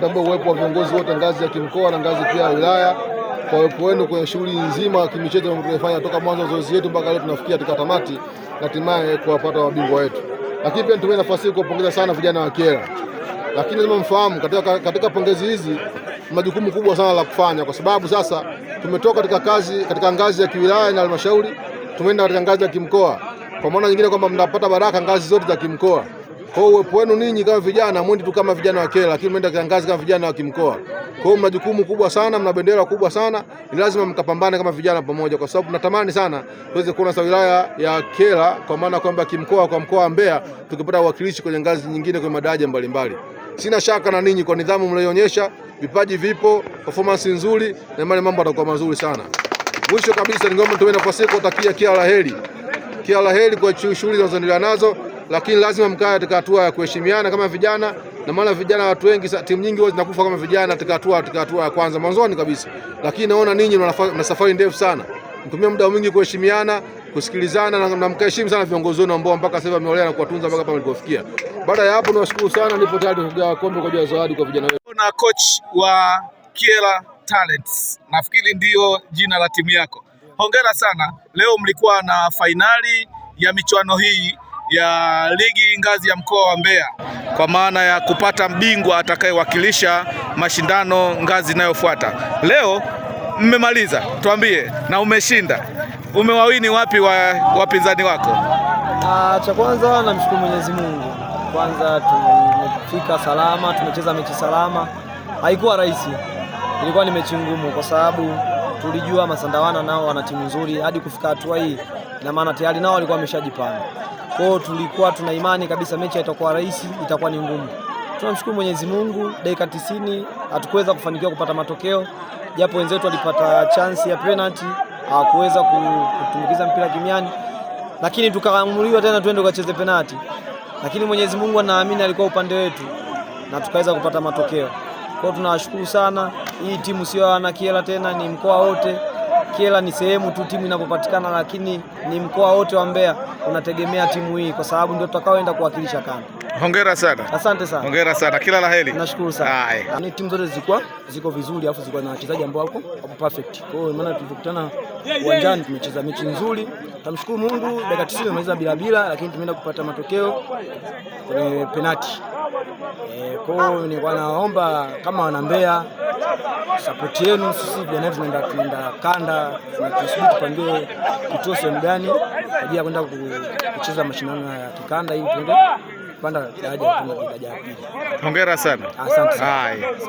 Tambua uwepo wa viongozi wote ngazi ya kimkoa na ngazi pia ya wilaya kwa uwepo wenu kwenye shughuli nzima ya kimichezo tunayofanya toka mwanzo wa zoezi yetu mpaka leo tunafikia katika tamati na hatimaye kuwapata wabingwa wetu. Lakini pia nitumie nafasi hii kuwapongeza sana vijana wa Kyela. Lakini lazima mfahamu katika, katika pongezi hizi mna jukumu kubwa sana la kufanya, kwa sababu sasa tumetoka katika kazi katika ngazi ya kiwilaya na halmashauri, tumeenda katika ngazi ya kimkoa, kwa maana nyingine kwamba mnapata baraka ngazi zote za kimkoa. Kwa hiyo uwepo wenu ninyi kama vijana, mwende tu kama vijana wa Kela, lakini mwende kiangazi kama vijana wa kimkoa. Kwa hiyo mna jukumu kubwa sana, mna bendera kubwa sana, ni lazima mkapambane kama vijana pamoja, kwa sababu tunatamani sana tuweze kuona sa wilaya ya Kela, kwa maana kwamba kimkoa, kwa mkoa wa Mbeya tukipata uwakilishi kwenye ngazi nyingine, kwenye madaraja mbalimbali. Sina shaka na ninyi kwa nidhamu mlioonyesha, vipaji vipo, performance nzuri, na imani mambo yatakuwa mazuri sana. Mwisho kabisa, ningeomba nitumie nafasi hii kutakia kila la heri, kila la heri kwa shughuli zinazoendelea nazo lakini lazima mkae katika hatua ya kuheshimiana kama vijana, na maana vijana watu wengi, timu nyingi huwa zinakufa kama vijana katika hatua katika hatua ya kwanza mwanzoni kabisa, lakini naona ninyi mna safari ndefu sana. Mtumia muda mwingi kuheshimiana, kusikilizana na, na mkaheshimu sana viongozi wenu ambao mpaka sasa wameolea na kuwatunza mpaka hapa mlipofikia. Baada ya hapo, nawashukuru sana, nipo tayari kugawa kombe kwa zawadi kwa vijana wetu. Na coach wa Kiela Talents, nafikiri ndio jina la timu yako. Hongera sana, leo mlikuwa na fainali ya michuano hii ya ligi ngazi ya mkoa wa Mbeya kwa maana ya kupata mbingwa atakayewakilisha mashindano ngazi inayofuata. Leo mmemaliza, tuambie, na umeshinda, umewawini wapi wa wapinzani wako? Ah, cha kwanza namshukuru Mwenyezi Mungu kwanza, tumefika salama, tumecheza mechi salama, haikuwa rahisi, ilikuwa ni mechi ngumu kwa sababu tulijua Masandawana nao wana timu nzuri, hadi kufika hatua hii na maana tayari nao walikuwa wameshajipanga. Kwa hiyo tulikuwa tuna imani kabisa mechi itakuwa rahisi, itakuwa ni ngumu. Tunamshukuru Mwenyezi Mungu, dakika 90 hatukuweza kufanikiwa kupata matokeo, japo wenzetu walipata chansi ya penalty, hawakuweza kutumbukiza mpira kimiani, lakini tukaamuriwa tena twende tukacheze penalty, lakini Mwenyezi Mungu anaamini alikuwa upande wetu na tukaweza kupata matokeo. Kwa hiyo tunawashukuru sana. Hii timu sio wana Kiela tena, ni mkoa wote Kyela ni sehemu tu timu inapopatikana, lakini ni mkoa wote wa Mbeya unategemea timu hii kwa sababu ndio tutakaoenda kuwakilisha kanda. Hongera sana. Asante sana. Hongera sana. Kila la heri. Nashukuru sana. Ni timu zote zilikuwa ziko vizuri afu zilikuwa na wachezaji ambao wako perfect. Kwa hiyo maana tulikutana uwanjani tumecheza mechi nzuri. Tamshukuru Mungu dakika 90 tumemaliza bila bila, lakini tumeenda kupata matokeo kwenye penalti. Eh, kwa hiyo nilikuwa naomba kama wana Mbeya sapoti yenu. Sisi vijana tunaenda tunaenda kanda, tunasubiri tupangiwe kituo sehemu gani kwa ajili ya kwenda kucheza mashindano ya kikanda hii tuende kupanda daraja ya pili. Hongera sana, asante.